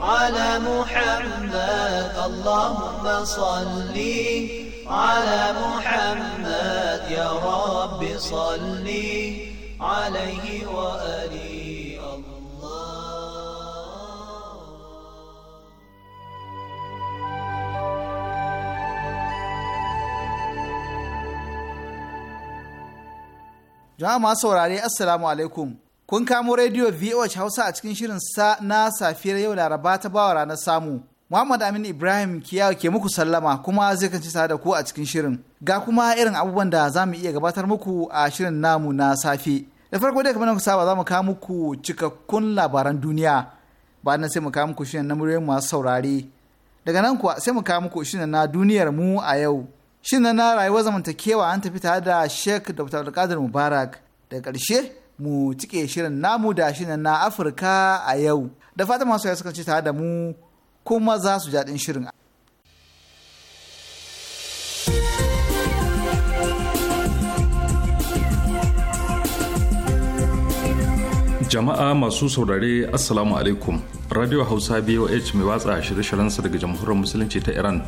على محمد اللهم صل على محمد يا رب صل عليه وآله Jama'a saurare Assalamu alaikum. Kun kamo rediyo VOH Hausa a cikin shirin sa na safiyar yau Laraba ta bawa ranar samu. Muhammad Aminu Ibrahim Kiyawa ke muku sallama kuma zai kanci tare da ku a cikin shirin. Ga kuma irin abubuwan da za mu iya gabatar muku a shirin namu na safe. Da farko dai kamar ku saba za mu kawo muku cikakkun labaran duniya. Ba nan sai mu kawo muku shirin na muryoyin masu saurare. Daga nan kuwa sai mu kawo muku shirin na duniyar mu a yau. Shin na rayuwar zamantakewa an tafi tare da Sheikh Dr. Abdulkadir Mubarak. Daga ƙarshe mu cike shirin namu da shi na Afirka a yau. Da fatan masu ya suka ce tare da mu kuma za su jaɗin shirin. Jama'a masu saurare Assalamu alaikum. Radio Hausa BOH mai watsa shirye shiryen sa daga Jamhuriyar Musulunci ta Iran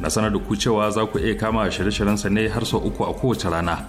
na sanar da ku cewa za ku iya kama shirye shiryen sa ne har sau uku a kowace rana.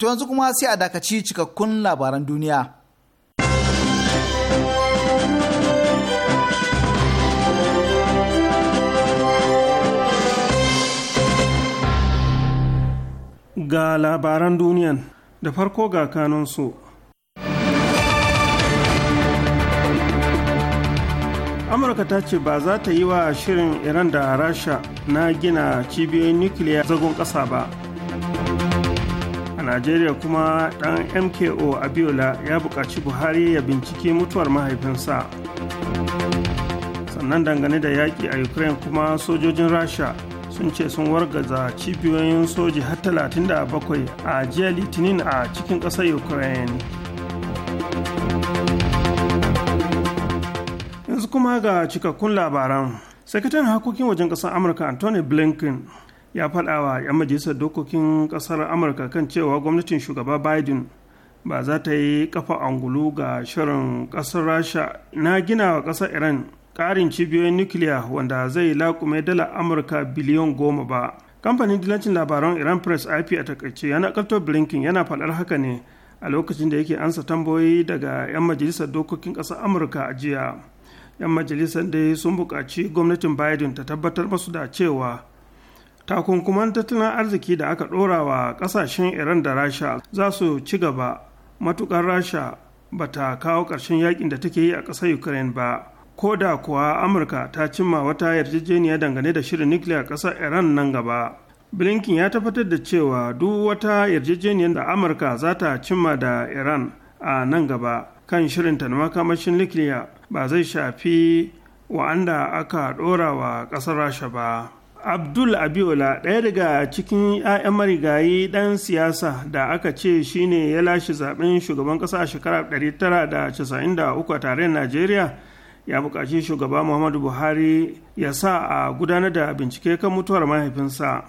To yanzu kuma sai a dakaci cikakkun labaran duniya. Ga labaran duniyan da farko ga kanunsu. amurka ta ce ba za ta yi wa shirin iran da rasha na gina cibiyoyin nukiliya zagon ƙasa ba najeriya kuma ɗan mko abiola ya buƙaci buhari ya bincike mutuwar mahaifinsa sannan dangane da yaƙi a ukraine kuma sojojin rasha sun ce sun wargaza cibiyoyin soji har talatin da bakwai a jiya litinin a cikin ƙasar ukraine yanzu kuma ga cikakkun labaran sakataren harkokin wajen ƙasar amurka anthony blinken ya faɗa wa 'yan majalisar dokokin ƙasar amurka kan cewa gwamnatin shugaba biden ba za ta yi kafa angulu ga shirin ƙasar rasha na gina wa ƙasar iran ƙarin cibiyoyin nukiliya wanda zai laƙume dala amurka biliyon goma ba kamfanin dilancin labaran iran press ip a takaice yana karto blinken yana faɗar haka ne a lokacin da yake ansa tambayoyi daga 'yan majalisar dokokin ƙasar amurka a jiya 'yan majalisar dai sun buƙaci gwamnatin biden ta tabbatar masu da cewa takunkuman tattalin arziki da aka ɗora wa ƙasashen iran da rasha za su ci gaba matuƙar rasha ba ta kawo ƙarshen yakin da take yi a ƙasar ukraine ba ko da kuwa amurka ta cimma wata yarjejeniya dangane da shirin nukiliya ƙasar iran nan gaba blinken ya tabbatar da cewa duk wata yarjejeniyar da amurka za ta cimma da iran a nan gaba kan shirinta na makamashin nukiliya ba zai shafi wa'anda aka ɗora wa ƙasar rasha ba. abdul abiola ɗaya daga cikin 'ya'yan marigayi ɗan siyasa da aka ce shine ya lashe zaben shugaban ƙasa a shekarar 1993 a tarayyar najeriya ya buƙaci shugaba muhammadu buhari ya sa a gudanar da bincike kan mutuwar mahaifinsa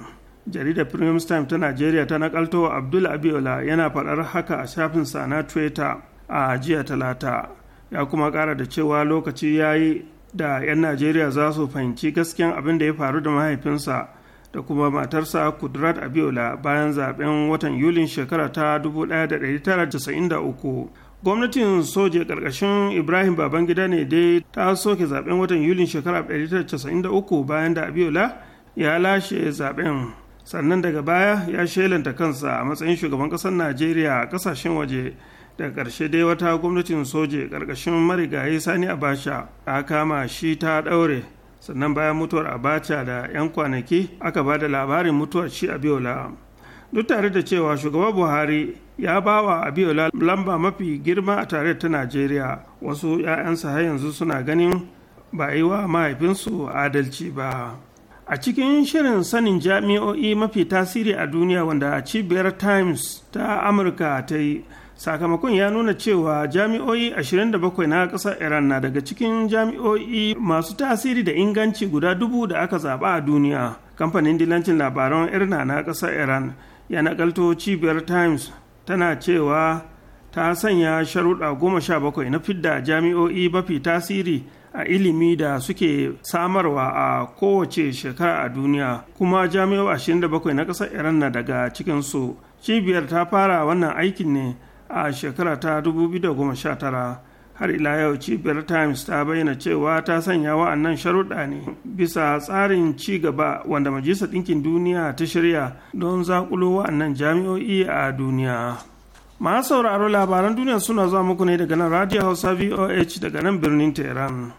jaridar premium time ta najeriya ta nakalto abdul abiola yana faɗar haka a shafinsa na twitter a jiya talata ya kuma ƙara da cewa lokaci ya yi da 'yan najeriya za su fahimci gasken abin da ya faru da mahaifinsa da kuma matarsa kudrat abiola bayan zaben watan yulin shekara ta 1993 gwamnatin soja ƙarƙashin ibrahim babangida ne dai ta soke zaben watan yulin shekara 1993 bayan da abiola ya lashe zaben sannan daga baya ya shelanta kansa a matsayin shugaban ƙasar najeriya a ƙasashen waje Da ƙarshe dai wata gwamnatin soje ƙarƙashin marigayi sani abacha a kama shi ta ɗaure sannan bayan mutuwar abacha da 'yan kwanaki aka ba da labarin mutuwar shi a abiola duk tare da cewa shugaba buhari ya ba wa abiola lamba mafi girma a tare ta najeriya wasu 'ya'yansa har yanzu suna ganin ba yi wa mahaifinsu adalci ba a cikin shirin sanin jami'o'i mafi tasiri a duniya wanda cibiyar times ta amurka ta yi sakamakon ya nuna cewa jami'o'i 27 na ƙasar iran na daga cikin jami'o'i masu tasiri da inganci guda dubu da aka zaɓa a duniya kamfanin dilancin labaran irna na ƙasar iran ya nakalto cibiyar times tana cewa ta sanya sharuɗa goma sha bakwai na fidda jami'o'i mafi tasiri a ilimi da suke samarwa a kowace shekara a duniya kuma jami'o'i 27 na ƙasar iran na daga cikinsu cibiyar ta fara wannan aikin ne a shekara ta 2019 har ila yau cibiyar times ta bayyana cewa ta sanya wa'annan sharuɗa ne bisa tsarin ci gaba wanda majalisar ɗinkin duniya ta shirya don zakulo wa'annan jami'o'i a duniya masu sauraro labaran duniya suna zuwa muku ne daga nan radio hausa voh daga nan birnin tehran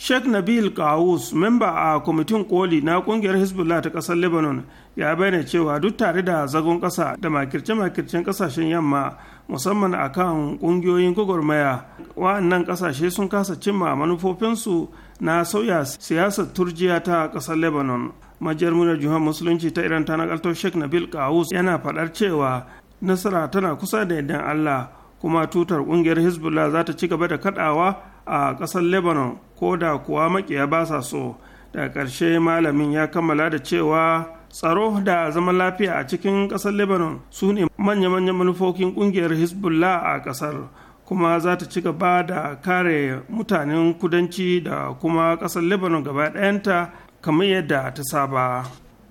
sheikh nabil kawus memba a kwamitin koli na kungiyar hezbollah ta ƙasar lebanon ya bayyana cewa duk tare da zagon ƙasa da makirce-makircen ƙasashen yamma musamman a kan ƙungiyoyin gwagwarmaya wa'annan ƙasashe sun kasa cimma manufofinsu na sauya siyasar turjiya ta ƙasar lebanon majiyar Muna juhar musulunci ta iran ta naƙaltar sheikh nabil kawus yana faɗar cewa nasara tana kusa da yardan allah kuma tutar ƙungiyar hezbollah za ta ci gaba da kaɗawa. a ƙasar lebanon ko da kuwa makiya ba sa so da ƙarshe malamin ya kammala da cewa tsaro da zaman lafiya a cikin ƙasar lebanon su ne manya-manyan manufofin ƙungiyar hezbollah a ƙasar kuma za ta ci gaba da kare mutanen kudanci da kuma ƙasar lebanon gaba ɗayanta kamar yadda ta saba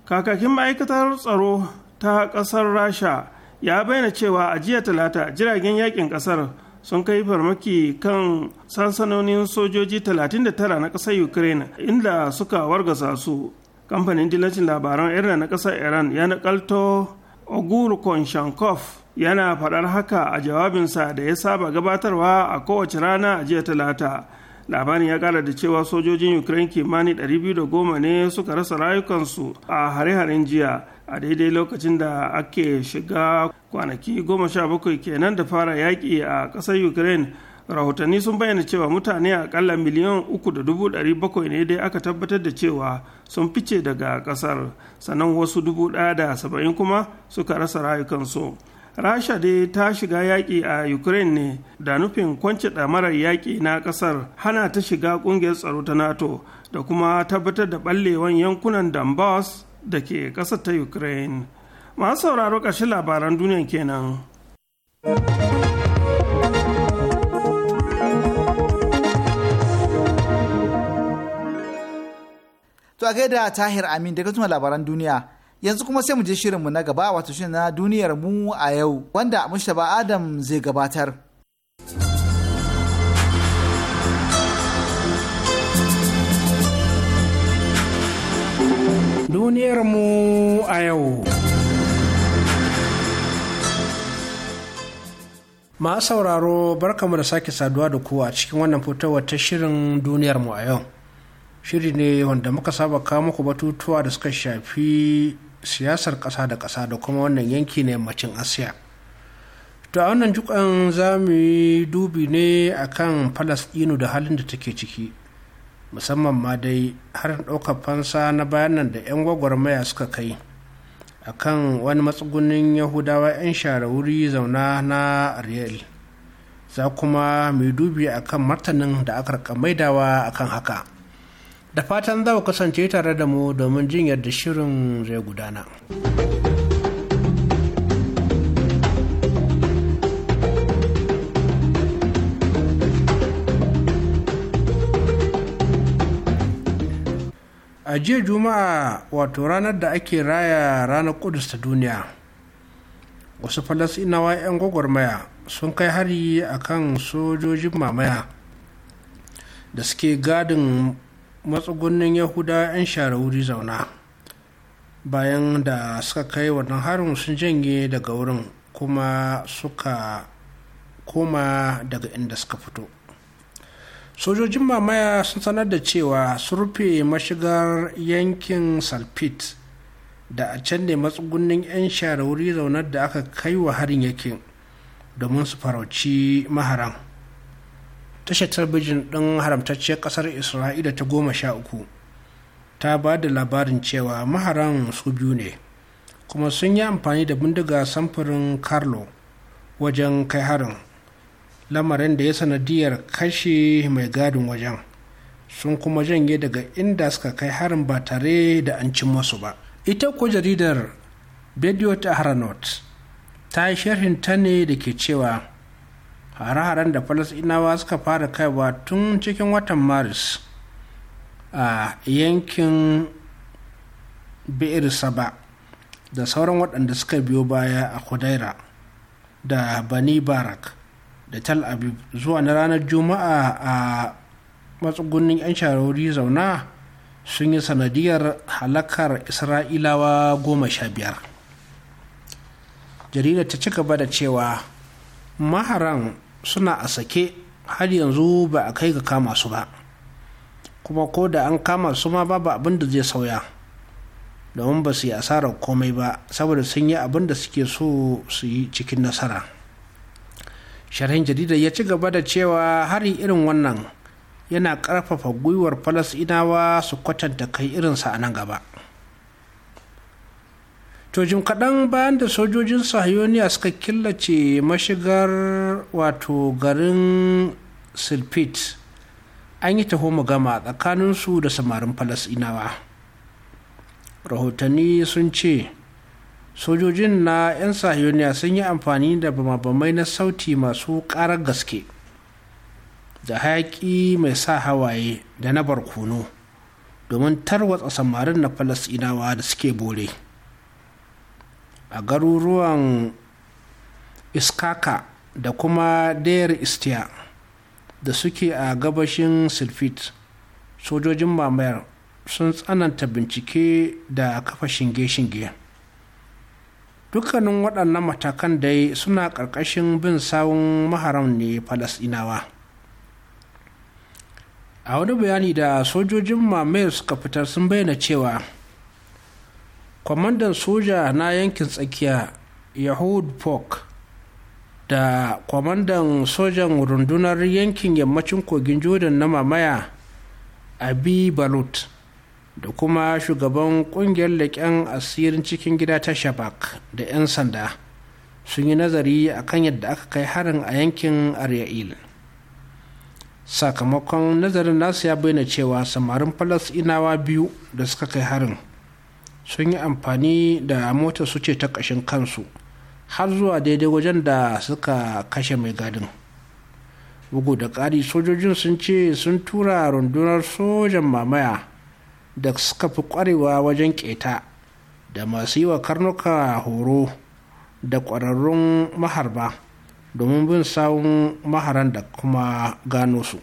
kakakin ma'aikatar tsaro ta ƙasar rasha ya bayyana cewa a jiya talata jiragen yakin ƙasar sun kai farmaki kan sansanonin sojoji 39 na ƙasar ukraine inda suka wargaza su kamfanin dillacin labaran irin na ƙasar iran ya nakalto ogur konshankov yana faɗar haka a jawabinsa da ya saba gabatarwa a kowace rana a jiya talata labarin ya kara da cewa sojojin ukraine kimanin 210 ne suka rasa rayukansu a hare-haren jiya a daidai lokacin da ake shiga kwanaki goma sha bakwai kenan da fara yaƙi a ƙasar ukraine rahotanni sun bayyana cewa mutane akalla miliyan uku da dubu ɗari bakwai ne dai aka tabbatar da cewa sun fice daga ƙasar sannan wasu dubu ɗaya da saba'in kuma suka rasa rayukansu rasha dai ta shiga yaƙi a ukraine ne da nufin kwance ɗamarar yaƙi na ƙasar hana ta shiga ƙungiyar tsaro ta nato da kuma tabbatar da ɓallewan yankunan donbass da ke ƙasar ta ukraine masu sauraro ƙarshen labaran duniya kenan. To a gaida Tahir Amin daga tuma labaran duniya. Yanzu kuma sai mu je shirinmu na gaba wato shirin na duniyar mu a yau wanda mushaba Adam zai gabatar. Duniyarmu a yau. ma sauraro barkamu da sake saduwa da ku a cikin wannan fitowar ta shirin duniyarmu a yau. Shiri ne wanda muka saba kawo muku batutuwa da suka shafi siyasar ƙasa da ƙasa da kuma wannan yanki na yammacin Asiya. To a wannan jukan za mu dubi ne akan Falasɗinu da halin da take ciki. musamman ma dai har ɗaukar fansa na bayanan da 'yan gwagwarmaya suka kai a kan wani matsugunin yahudawa 'yan share wuri zauna na ariel za kuma mai dubi a kan martanin da aka rika maidawa a kan haka da fatan za kasance tare da mu domin jin yadda shirin zai gudana. a jiya juma'a wato ranar da ake raya ranar kudus ta duniya wasu falasinawa 'yan gwagwarmaya sun kai hari a kan sojojin mamaya da suke gadin matsugunin yahuda 'yan share wuri zauna bayan da suka kai wannan harin sun janye daga wurin kuma suka koma daga inda suka fito sojojin mamaya sun sanar da cewa sun rufe mashigar yankin salpit da a can ne matsugunnin 'yan share wuri zaunar da aka kai wa harin yakin domin su farauci maharan tashar talbijin ɗin haramtacciyar ƙasar isra'ila ta goma sha uku ta ba da labarin cewa maharan su biyu ne kuma sun yi amfani da bindiga samfurin carlo wajen kai harin lamarin da ya sanadiyar kashe mai gadin wajen sun kuma janye daga inda suka kai harin ba tare da an cin masu ba ita ko jaridar bediyo ta haranot ta yi sharhin ta ne da ke cewa hare-haren da falasinawa suka fara kaiwa tun cikin watan maris a yankin bi'ir saba da sauran waɗanda suka biyo baya a kudaira da bani barak da tel aviv zuwa na ranar juma'a a matsugunin 'yan sharori zauna sun yi sanadiyar halakar isra'ilawa goma sha biyar jarida ta ci gaba da cewa maharan suna a sake har yanzu ba a kai ga kama su ba kuma ko da an kama su ma babu abin da zai sauya domin ba su yi asarar komai ba saboda sun yi abin da suke so su yi cikin nasara sharhin jaridar ya ci gaba da cewa hari irin wannan yana ƙarfafa gwiwar falasɗinawa su kwatanta kai irinsa a nan gaba to jim kaɗan bayan da sojojin sahiyoniya suka killace mashigar wato garin silpit an yi taho gama tsakaninsu da samarin falasɗinawa rahotanni sun ce sojojin na 'yan sahiyoniya sun yi amfani da bamabamai na sauti masu ƙarar gaske da hayaki mai sa hawaye da na barkono domin tarwatsa samarin na falasinawa da suke bore a garuruwan iskaka da kuma dayar istiya da suke a gabashin silfit sojojin mamayar sun tsananta bincike da kafa shinge-shinge dukkanin waɗannan matakan dai suna ƙarƙashin bin sawun maharam ne falasɗinawa a wani bayani da sojojin mamayar suka fitar sun bayyana cewa kwamandan soja na yankin tsakiya yahud pok da kwamandan sojan rundunar yankin yammacin kogin jordan na mamaya abi balut da kuma shugaban kungiyar leƙen asirin cikin gida ta shabak da 'yan sanda sun yi nazari a kan yadda aka kai harin a yankin arya'il sakamakon nazarin nasu ya bayyana cewa samarin falasinawa biyu da suka kai harin sun yi amfani da mota su ce ta ƙashin kansu har zuwa daidai wajen da suka kashe mai gadin bugu da ƙari sojojin sun ce sun tura rundunar sojan mamaya da suka fi ƙwarewa wajen keta da masu yi wa karnuka horo da ƙwararrun maharba domin bin sawun maharan da kuma gano su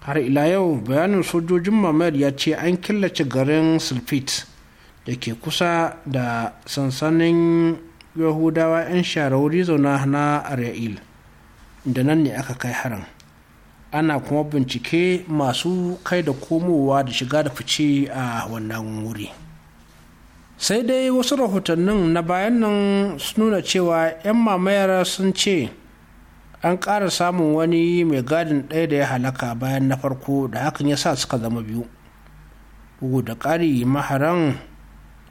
har ila yau bayanin sojojin mamayar ya ce an killace garin sulfit da ke kusa da sansanin yahudawa 'yan shara wuri zauna na arya'il da nan ne aka kai harin ana kuma bincike masu kai da komowa da shiga da fice a wannan wuri sai dai wasu rahotannin na bayan nan su nuna cewa 'yan mamayar sun ce an ƙara samun wani mai gadin ɗaya da ya halaka bayan na farko da hakan ya sa suka zama biyu bugu da ƙari maharan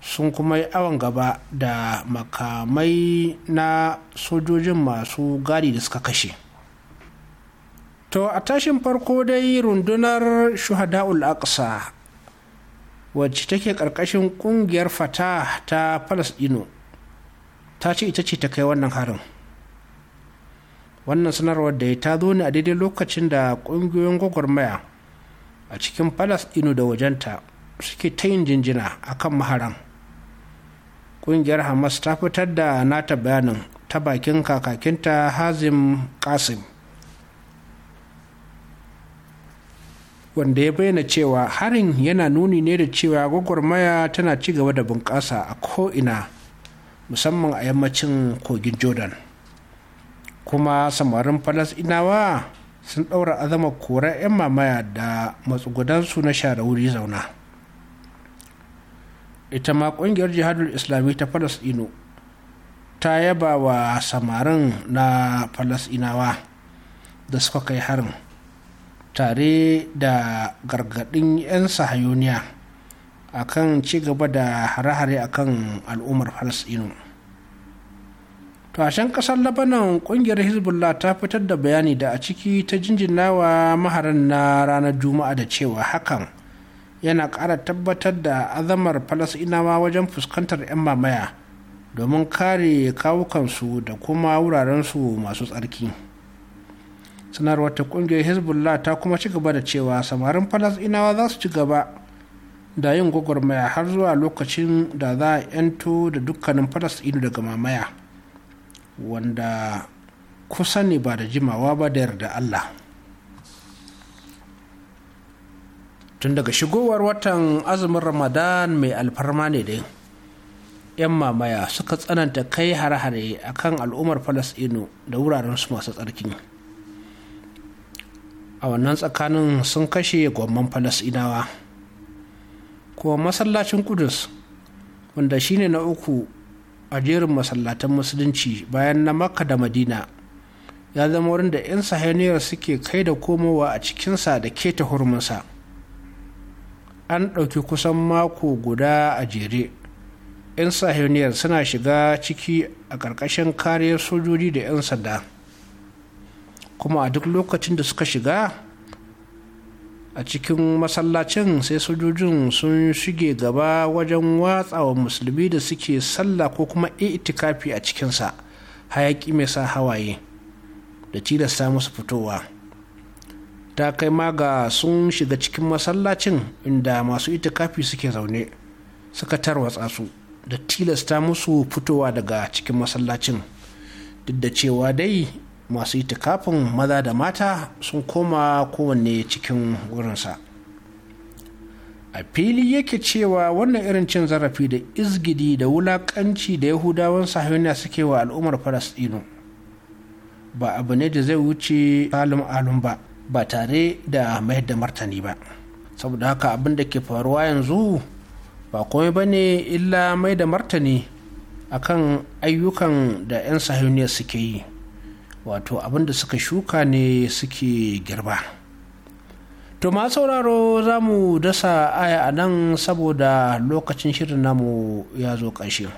sun kuma yi awon gaba da makamai na sojojin masu gadi da suka kashe. to a tashin farko dai rundunar shuhada'ul aqsa wacce take ƙarƙashin ƙungiyar fata ta falasɗino ta ce ita ce ta kai wannan harin wannan sanarwar da ya ta zo ne a daidai lokacin da ƙungiyoyin gwagwarmaya a cikin falasɗino da wajenta suke ta yin jinjina a kan maharan ƙungiyar hamas ta fitar da nata bayanin ta bakin kakakinta hazim kasim wanda ya bayyana cewa harin yana nuni ne da cewa gwagwarmaya tana ci gaba da bunƙasa a ko'ina musamman a yammacin kogin jordan kuma samarin falasinawa sun ɗaura azama kora 'yan mamaya da matsugudansu na shara wuri zauna ita ma ƙungiyar jihadul islami ta Falasɗinu ta yaba wa samarin na Falasɗinawa da suka kai harin tare da gargaɗin 'yan sahayoniya a kan gaba da hare-hare a kan al'ummar falasɗinu tashen ƙasar labanan ƙungiyar hezbollah ta fitar da bayani da a ciki ta jinjinawa maharan na ranar juma'a da cewa hakan yana ƙara tabbatar da azamar falasɗinawa wajen fuskantar 'yan mamaya domin kare kawukansu da kuma wurarensu masu tsarki. sanarwar ta kungiyar hezbollah ta kuma ci gaba da cewa samarin falasɗinawa za su ci gaba da yin gwagwarmaya har zuwa lokacin da za a yanto da dukkanin falasɗinu daga mamaya wanda kusa ne ba da jimawa ba da yarda allah tun daga shigowar watan azumin ramadan mai alfarma ne dai 'yan mamaya suka tsananta kai hare-hare kan al'ummar falasɗinu da wuraren su masu tsarki a wannan tsakanin sun kashe gwamman falasinawa kuma masallacin kudus wanda shine na uku a jerin masallatan musulunci bayan na makka da madina ya zama wurin da 'yan sahaniyar suke kai da komowa a cikinsa da ke ta hurminsa an ɗauki kusan mako guda a jere 'yan sahaniyar suna shiga ciki a ƙarƙashin kariyar sojoji da 'yan sanda kuma a duk lokacin da suka shiga a cikin masallacin sai sojojin sun shige gaba wajen watsawa musulmi da suke sallah ko kuma itikafi a cikinsa hayaki mai sa hawaye da tilasta musu fitowa ta kai ma ga sun shiga cikin masallacin inda masu itikafi suke zaune suka tarwatsa su da tilasta musu fitowa daga cikin masallacin duk da cewa dai masu itikafin maza da mata sun koma kowanne cikin wurinsa a fili yake cewa wannan irin cin zarafi da izgidi da wulakanci da yahudawan sahiyoniya suke wa al'ummar falasɗinu ba abu ne da zai wuce halin alun ba ba tare da mayar da martani ba saboda haka abin da ke faruwa yanzu ba komai ba ne illa mai da martani akan ayyukan da 'yan sahiyoniya suke yi wato abin da suka shuka ne suke girba to ma sauraro za mu dasa aya a nan saboda lokacin shirin namu ya zo ƙarshe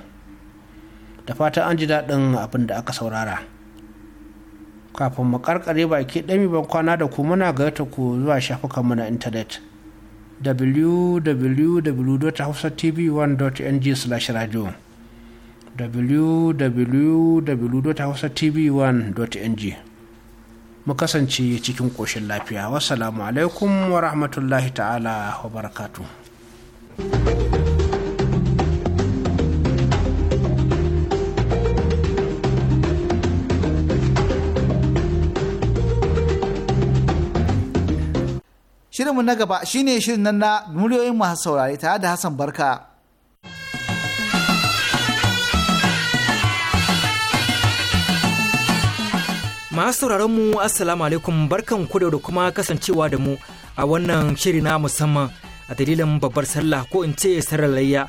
da fatan an ji daɗin abinda aka saurara kafin mu karkare baki ɗami ban kwana da ku muna gaita ku zuwa shafukanmu na intanet www.hausatv1.ng/radio www.hausatv1.ng mu kasance cikin ƙoshin lafiya wasalamu alaikum wa rahmatullahi ta'ala wa barakatu. Shirinmu na gaba shine shirin nan na muryoyin masu saurare tare da Hassan Barka. Masu mu Assalamu alaikum barkan ku da kuma kasancewa da mu a wannan shiri na musamman a dalilin babbar sallah ko in ce sararlayya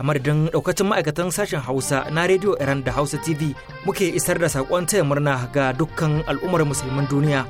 a madadin daukacin ma'aikatan sashen Hausa na Radio Iran da Hausa TV muke isar da saƙon taya murna ga dukkan al'ummar musulmin duniya.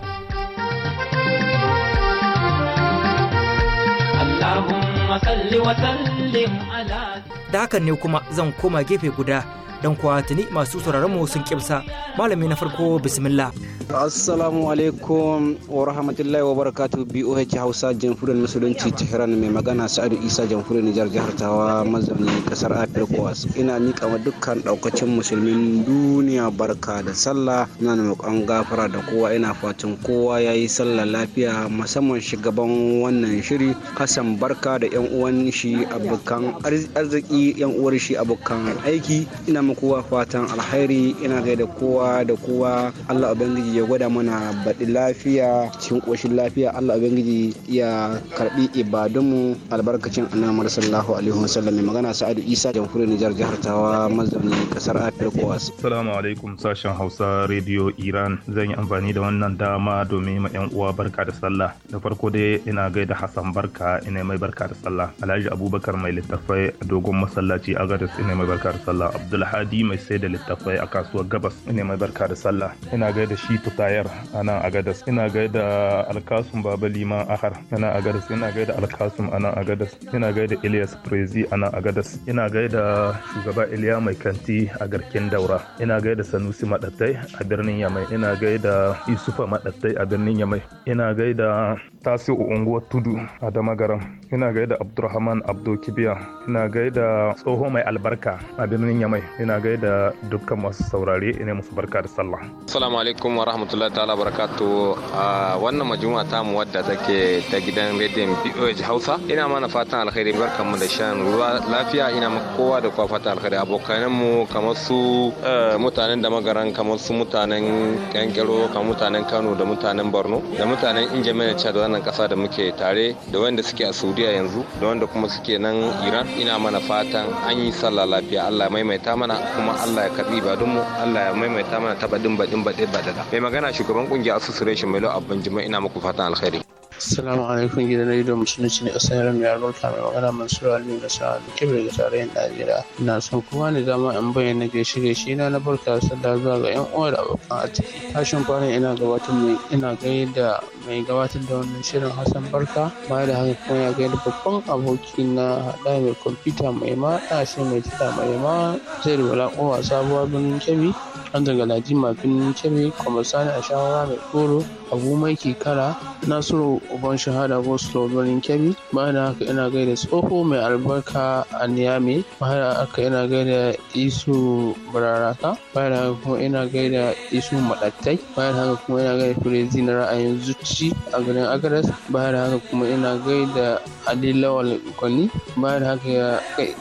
Da hakan ne kuma zan koma gefe guda dan kuwa tuni masu sauraron mu sun kimsa malami na farko bismillah assalamu alaikum wa rahmatullahi wa barakatuh BOH Hausa jamhuriyar musulunci Tehran mai magana Sa'adu Isa jamhuriyar Nijar jihar Tawa mazauni kasar afirka ina nika ma dukkan daukacin musulmin duniya barka da sallah ina roƙon gafara da kowa ina fatan kowa yayi sallah lafiya musamman shugaban wannan shiri Hassan Barka da yan uwan shi abokan arziki yan uwar shi abokan aiki ina kowa fatan alheri ina gaida kowa da kowa Allah ubangiji ya gwada mana baɗi lafiya cikin ƙoshin lafiya Allah ubangiji ya karɓi ibadunmu albarkacin annabi sallallahu alaihi wasallam magana Sa'adu Isa jamhuriyar Nijar jihar Tawa mazauni kasar Afirka wasu. salamu alaikum sashen Hausa Radio Iran zan yi amfani da wannan dama domin ma yan uwa barka da sallah da farko dai ina gaida Hassan barka ina mai barka da sallah Alhaji Abubakar mai littafai a dogon masallaci agadis ina mai barka da sallah Abdullahi hadi mai sai da littafai a kasuwar gabas ina mai barka da sallah ina gaida shi tutayar a nan a gadas ina gaida alkasum baba liman ahar a nan a gadas ina gaida alkasum a nan a gadas ina gaida ilyas prezi a nan a gadas ina gaida shugaba iliya mai kanti a garkin daura ina gaida sanusi maɗattai a birnin yamai ina gaida isufa maɗattai a birnin yamai ina gaida tasiu unguwar tudu a damagaram ina da abdurrahman abdo kibiya ina da tsoho mai albarka a birnin yamai ina gai da dukkan masu saurare ina musu barka da sallah assalamu alaikum wa rahmatullahi ta'ala barakatu a wannan majuma ta mu wadda take ta gidan rediyon BOH Hausa ina mana fatan alkhairi barkan mu da shan ruwa lafiya ina maka kowa da kowa fatan alkhairi abokanan mu kamar su eh, mutanen damagaran, magaran kamar su mutanen kankero kamar mutanen Kano da mutanen Borno da mutanen Injamena Chad wannan ƙasa da muke tare da wanda suke a saudiya yanzu da wanda kuma suke nan iran ina mana fatan an yi sallah lafiya allah maimaita mana kuma allah ya karbi ibadunmu allah ya maimaita mana ta badin baɗin baɗin mai magana shugaban ƙungiyar asusu mai lau abban jima'a ina muku fatan alkhairi Assalamu alaikum gidan rediyo musulunci ne a yaran mai albarka mai magana Mansur Ali da sa'a da kebe daga tarayyar Najeriya. Ina son kuma ni dama in bayyana shirya gaishe na na barka da zuwa ga 'yan uwa da abokan arziki. Tashin kwanan ina gabatar mai ina da mai gabatar da wannan shirin Hassan Barka. Baya da haka kuma ya da babban aboki na haɗa mai kwamfuta mai ma ɗashe mai tsada mai ma zai rubala kowa sabuwa birnin kebe An zanga Ladima birnin kebe kuma sani a shawara mai koro. abu mai kara nasiru uban shahada goslo birnin kebbi bayan haka ina gaida tsoho mai albarka a niyami. bayan haka ina gaida isu bararaka bayan haka kuma ina gaida isu madattai bayan haka kuma ina gaida firezi na ra'ayin zuci a garin agaras bayan haka kuma ina gaida adilawal kwani bayan haka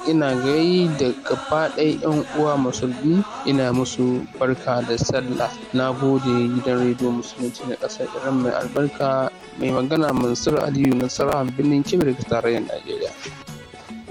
ina gaida gaba ɗaya yan uwa musulmi ina musu barka da sallah na gode gidan rediyo musulunci na ƙasar da mai albarka mai magana Mansur Aliyu na Nasarawa birnin Kebbi daga tarayyar Najeriya.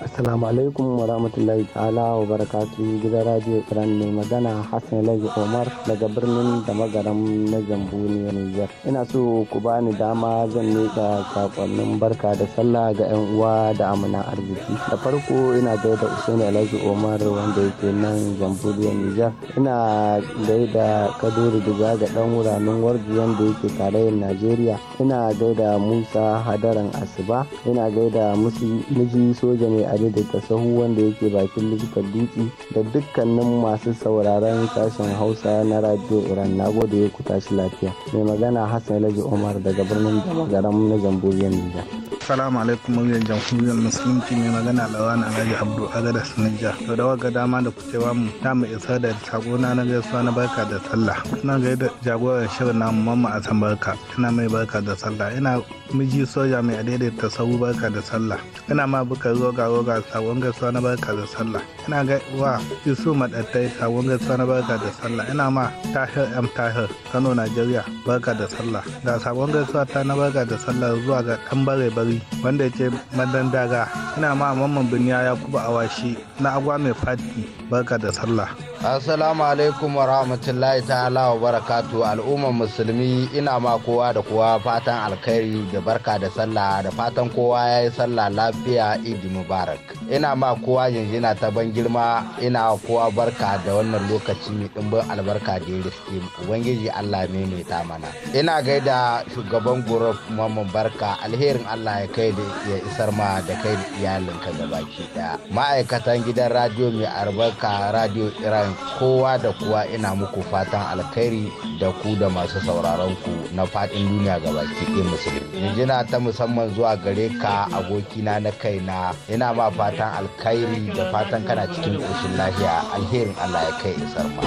Assalamu alaikum wa rahmatullahi ta'ala wa barakatun gidan radio Iran mai magana Hassan Laji Omar daga birnin da magaram na Jamhuriyar Nijar. Ina so ku bani dama zan nika sakonnin barka da sallah ga 'yan uwa da amana arziki. Da farko ina gaida Usain lai Omar wanda yake nan Jamhuriyar Nijar. Ina gaida Kaduri Diga ga dan wuranin Warji wanda yake tarayyar Najeriya. Ina gaida Musa Hadaran Asiba, Ina gaida Musi Miji Soja ne tare da kasahu wanda yake bakin likitar dutse da dukkanin masu sauraron sashen hausa na radio iran na gode ya kuta shi lafiya mai magana hassan laji umar daga birnin garam na zambuliyan nija. salamu alaikum muryar jamhuriyar musulunci mai magana lawan alhaji abdu agada nija to da waga dama da cewa mu ta mu isa da sakona na gaisuwa na barka da sallah ina gaida jagoran shirin namu mamma a ina mai barka da sallah ina miji soja mai adaidaita sahu barka da sallah ina ma buka roga roga sabon gaisuwa na barka da sallah ina ga wa isu madattai sabon gaisuwa na barka da sallah ina ma tahir m tahir kano najeriya barka da sallah ga sabon gaisuwa ta na barka da sallah zuwa ga dan bare bari wanda ce madan daga ina ma mamman biniya ya kuba awashi na agwa mai fati barka da sallah Assalamu alaikum wa rahmatullahi ta'ala wa barakatu al'ummar musulmi ina ma kowa da kowa fatan alkhairi da barka da sallah da fatan kowa ya yi sallah lafiya idi mubarak ina ma kowa yanzu ta ban girma ina kowa barka da wannan lokaci mai dimbin albarka da ya riske ubangiji Allah maimaita mana ina gaida shugaban guruf mamman barka alherin Allah ya kai da ya isar ma da kai da iyalinka gabaki daya ma'aikatan gidan radio mai albarka radio iran kowa da kowa ina muku fatan alkhairi da ku da masu sauraron ku na fadin duniya baki ɗin musulmi jinjina ta musamman zuwa gare ka abokina na kaina ina ma fatan alkhairi da fatan kana cikin ƙoshin lafiya alherin allah ya kai isar ma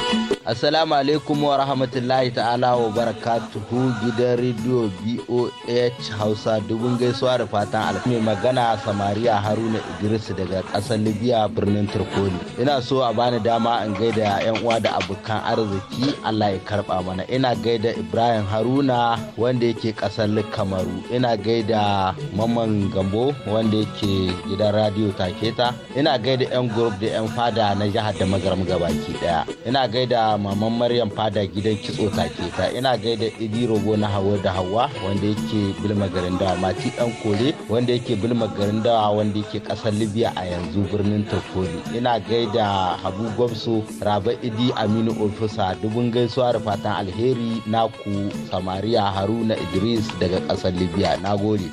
assalamu alaikum wa rahmatullahi ta'ala wa barakatuhu gidan rediyo boh hausa dubun gaisuwa da fatan alkhairi magana samariya haruna idris daga ƙasar libya birnin turkoli ina so a bani dama in gai gaida yan uwa da abokan arziki Allah ya karba mana ina gaida Ibrahim Haruna wanda yake kasar Kamaru ina gaida Maman Gambo wanda yake gidan radio Taketa ina gaida yan group da yan fada na jihar da magaram gabaki daya ina gaida Maman Maryam fada gidan kitso Taketa ina gaida Idi Rogo na Hawa da Hawa wanda yake Bilma garin da Mati dan Kole wanda yake Bilma garin da wanda yake kasar Libya a yanzu birnin Tokoli ina gaida Habu Gwamso Rabe Idi Aminu Ofisa dubun gaisuwa da fatan alheri naku Samariya Haruna Idris daga ƙasar Libya. Na gode.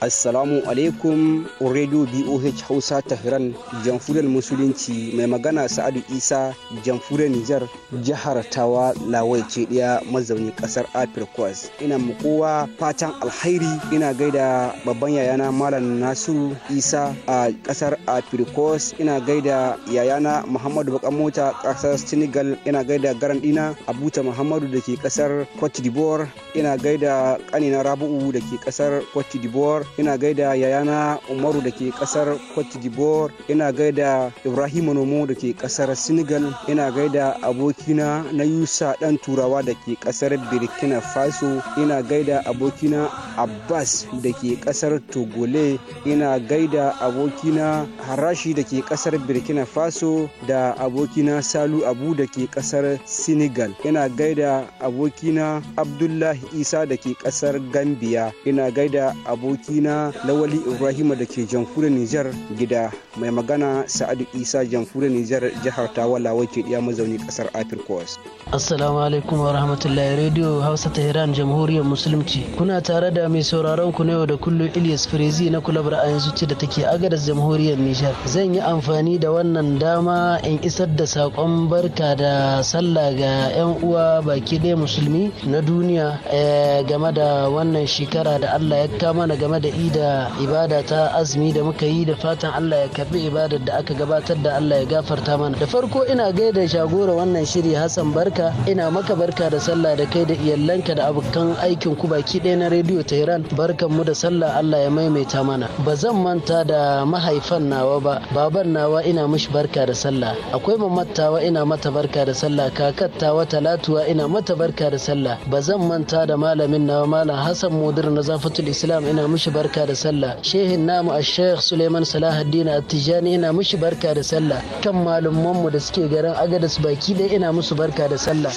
Assalamu alaikum Radio BOH Hausa Tehran Jamfuran Musulunci mai magana Sa'adu Isa Jamfuran Nijar jihar Tawa Lawai ce ɗaya mazauni ƙasar Afirkwas. Ina mu kowa fatan alhairi ina gaida babban yayana Malam Nasiru Isa a ƙasar Afirkwas ina gaida yayana Muhammadu Bakan Mota ƙasar Senegal ina gaida garan ɗina Abuta Muhammadu da ke ƙasar Cote d'Ivoire ina gaida ƙanina Rabu'u da ke ƙasar Cote d'Ivoire ina gaida yayana umaru da ke kasar cote d'ivoire ina gaida ibrahim nomo da ke kasar senegal ina gaida abokina na yusa dan turawa da ke kasar burkina faso ina gaida abokina abbas da ke kasar togole ina gaida abokina harashi da ke kasar burkina faso da abokina salu abu da ke kasar senegal ina gaida abokina abdullahi isa da ke kasar gambia ina gaida abokina na Lawali Ibrahim da ke jamhuriyar Nijar gida mai magana Sa'adu Isa jamhuriyar Nijar jihar Tawala wake diya mazauni kasar Afirkos. Assalamu alaikum wa rahmatullahi Radio Hausa iran jamhuriyar Musulunci. Kuna tare da mai sauraron ku na yau da kullum Ilyas firizi na kulabar a yanzu ce da take agadas jamhuriyar Nijar. Zan yi amfani da wannan dama in isar da saƙon barka da sallah ga 'yan uwa baki ɗaya musulmi na duniya eh, game da wannan shekara da Allah ya kama na game da yi da ibada ta azumi da muka yi da fatan Allah ya karbi ibadar da aka gabatar da Allah ya gafarta mana da farko ina gaida shagora wannan shiri Hassan Barka ina maka barka da sallah da kai da iyalanka da abokan aikin ku baki ɗaya na rediyo Tehran barkan mu da sallah Allah ya maimaita mana ba zan manta da mahaifan nawa ba baban nawa ina mishi barka da sallah akwai mamattawa ina mata barka da sallah kakattawa talatuwa ina mata barka da sallah ba zan manta da malamin nawa malam Hassan Mudir na Zafatul Islam ina mishi barka da sallah shehin namu a sheikh suleiman salahaddin tijjani ina mushi barka da sallah kan malumanmu da suke garin agadas baki da ina musu barka da sallah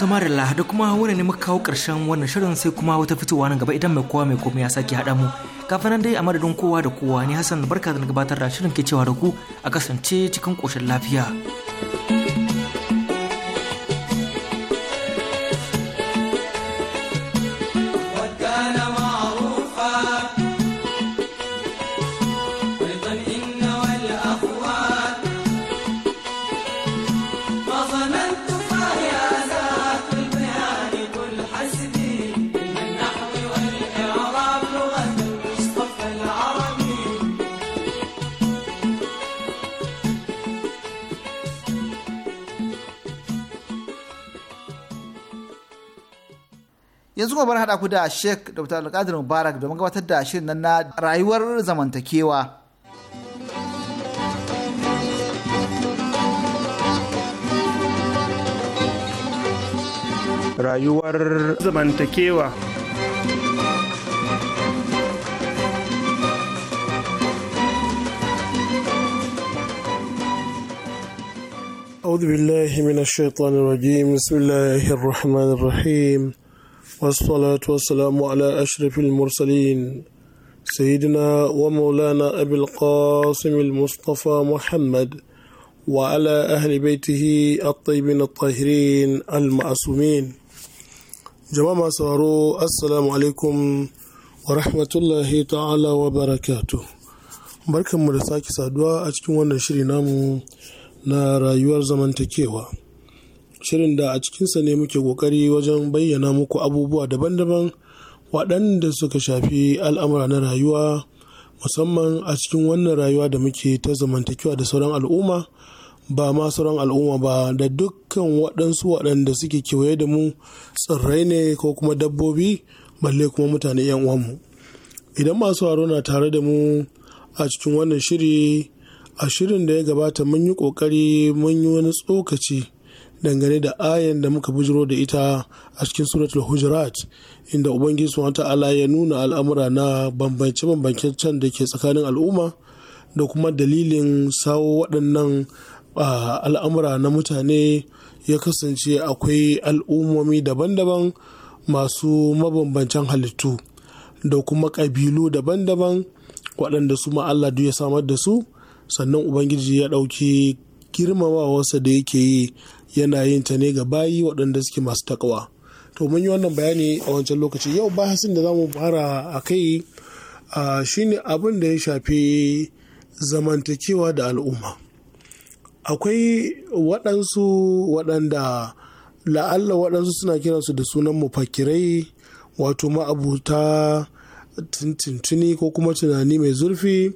tama da kuma wani ne muka kawo karshen wannan shirin sai kuma wata fitowa nan gaba idan mai kowa mai komai ya sake haɗa mu kafin nan dai a madadin kowa da kowa ne hassan barka da gabatar da shirin ke cewa da ku a kasance cikin koshin lafiya. yanzu kuma bar hada ku da sheikh dr alkadir mubarak domin gabatar da shirin nan na rayuwar zamantakewa rayuwar zamantakewa أعوذ بالله من الشيطان الرجيم بسم الله الرحمن الرحيم والصلاة والسلام على أشرف المرسلين سيدنا ومولانا أبي القاسم المصطفى محمد وعلى أهل بيته الطيبين الطاهرين المعصومين جماعة سارو السلام عليكم ورحمة الله تعالى وبركاته barkanmu da sake saduwa a cikin wannan shiri namu na rayuwar zamantakewa shirin da a cikinsa ne muke kokari wajen bayyana muku abubuwa daban-daban waɗanda suka shafi al'amura na rayuwa musamman a cikin wannan rayuwa da muke ta zamantakewa da sauran al'umma ba ma sauran al'umma ba da dukkan waɗansu waɗanda suke kewaye da mu tsirrai ne ko kuma dabbobi balle kuma mutane 'yan uwanmu idan masu haro na tare da mu a cikin wannan shiri a shirin da ya gabata mun yi ƙoƙari mun yi wani tsokaci dangane da ayan da muka bujiro da ita a cikin suratul hujurat inda ubangiji wata ta'ala ya nuna al'amura na bambance bambancen da ke tsakanin al'umma da kuma dalilin sawo waɗannan al'amura na mutane ya kasance akwai al'ummomi daban-daban masu mabambancen halittu da kuma ƙabilu daban-daban waɗanda su Allah duk ya samar da su sannan ubangiji ya ɗauki girmamawarsa da yake yi yana yin ta ne ga bayi waɗanda suke masu takawa to mun yi wannan bayani a wancan lokaci yau bahasin da zamu fara a kai shine abin da ya shafi zamantakewa da al'umma akwai waɗansu waɗanda la'alla waɗansu suna kiransu da sunan mufakirai wato ma'abuta tuntuni ko kuma tunani mai zurfi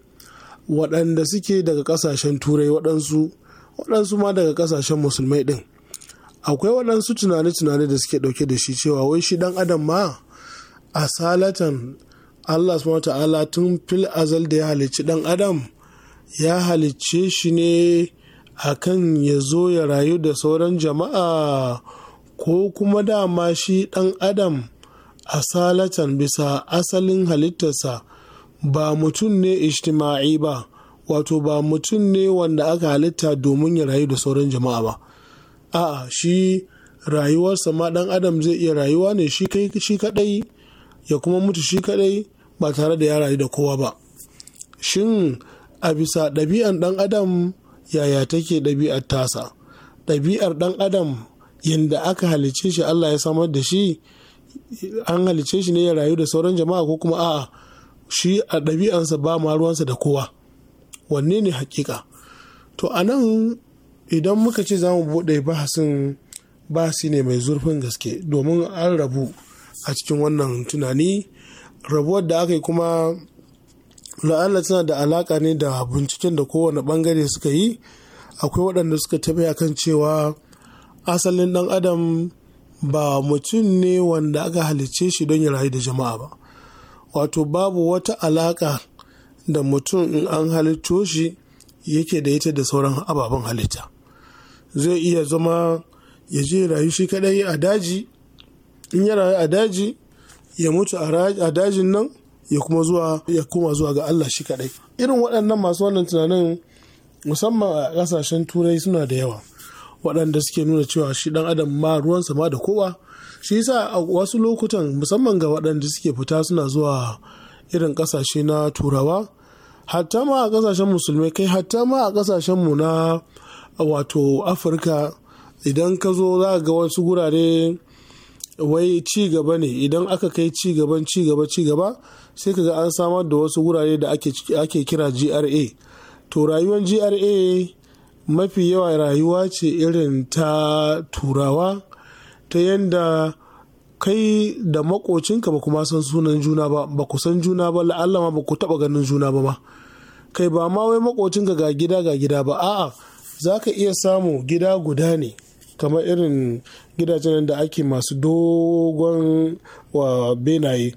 waɗanda suke daga ƙasashen turai waɗansu waɗansu ma daga ƙasashen musulmai ɗin akwai waɗansu tunane-tunane da suke ɗauke da shi cewa wai shi ɗan adam ma A Salatan, Allah subhanahu ta'ala tun fil azal da ya halicci ɗan adam ya halicce shi ne akan ya zo ya rayu da sauran jama'a ko kuma dama shi ɗan adam a Salatan bisa asalin halittarsa ba mutum ne ishtima'i ba wato ba mutum ne wanda aka halitta domin ya rayu da sauran jama'a ba a'a shi rayuwarsa ma dan adam zai iya rayuwa ne shi kadai ya kuma mutu shi kadai ba tare da ya rayu da kowa ba shin a bisa ɗabi'an dan adam yaya take ɗabi'ar tasa ɗabi'ar dan adam yadda aka halice shi Allah ya samar da shi an halice shi ne ya rayu da sauran jama'a ko kuma a'a shi a ɗabi'ansa ba ma ruwansa da kowa wanne ne hakika to a nan idan muka ce za mu buɗe bahasin bahasi ne mai zurfin gaske domin an rabu a cikin wannan tunani rabuwar da aka yi kuma la'alla tana da alaka ne da binciken da kowane bangare suka yi akwai waɗanda suka tafi kan cewa asalin ɗan adam ba mutum ne wanda aka halicce shi don ya rayu da jama'a ba wato babu wata alaka da mutum in an halitto shi yake da ita da sauran ababen halitta zai iya zama ya je rayu shi kadai a daji in ya rayu a daji ya mutu a dajin nan ya kuma zuwa ya koma zuwa ga Allah shi kadai irin waɗannan masu wannan tunanin musamman a ƙasashen turai suna da yawa waɗanda suke nuna cewa shi ɗan adam ma ruwansa ma da kowa shi yasa a wasu lokutan musamman ga waɗanda suke fita suna zuwa irin ƙasashe na turawa hatta ma a kasashen musulmai kai hatta ma a kasashen mu na wato afirka idan ka zo za ga wasu gurare wai ci gaba ne idan aka kai ci gaban ci gaba ci gaba sai ka ga an samar da wasu gurare da ake kira gra to rayuwar gra mafi yawa rayuwa ce irin ta turawa ta yadda kai da makocinka ba kuma san sunan juna ba ba ku san juna ba la'allama ba ku taba ganin juna ba ma kai ba ma wai makocinka ga gida ga gida ba a'a za ka iya samu gida guda ne kamar irin gidajen da ake masu dogon wa benaye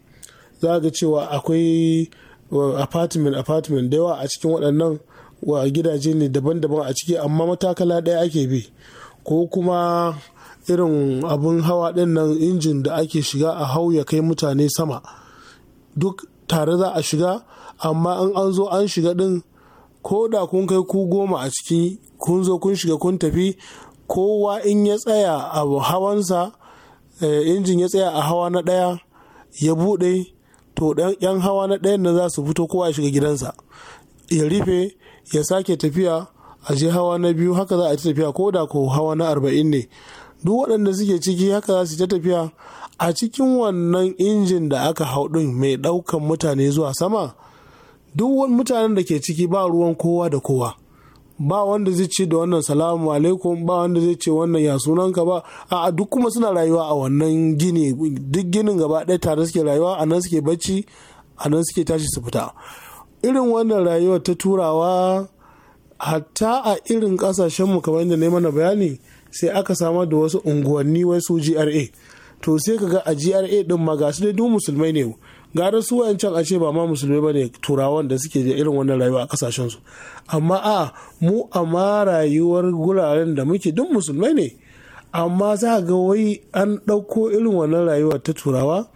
za ga cewa akwai apartment apartment da yawa a cikin waɗannan wa gidaje ne daban-daban a ciki amma matakala ɗaya ake bi ko kuma irin abin hawa ɗin nan injin da ake shiga a hau ya kai mutane sama duk tare za a shiga amma in an zo an shiga din ko da kun kai ku goma a ciki kun zo kun shiga kun tafi kowa in ya tsaya a hawansa eh, injin ya tsaya a hawa na ɗaya ya buɗe to yan hawa na ɗayan na za su fito kowa ya shiga gidansa ya rufe ya sake tafiya a je hawa na biyu haka za a ci tafiya ko da ko hawa na arba'in ne duk waɗanda suke ciki haka za su ta tafiya a cikin wannan injin da aka hau ɗin mai ɗaukan mutane zuwa sama duk wani mutanen da ke ciki ba ruwan kowa da kowa ba wanda zai ce da wannan salamu alaikum ba wanda zai ce wannan ya sunanka ba a duk kuma suna rayuwa a wannan gini duk ginin gaba ɗaya tare suke rayuwa a nan suke bacci a nan suke tashi su fita irin wannan rayuwa ta turawa hatta a irin kasashenmu kamar yadda na mana bayani sai aka samar da wasu unguwanni wasu gra to sai ka ga a gra din ma gasu dai duk musulmai ne gara su wayancan a ce ba ma musulmai bane turawan da suke da irin wannan rayuwa a kasashen su amma a mu amma rayuwar guraren da muke duk musulmai ne amma za ga wai an ɗauko irin wannan rayuwa ta turawa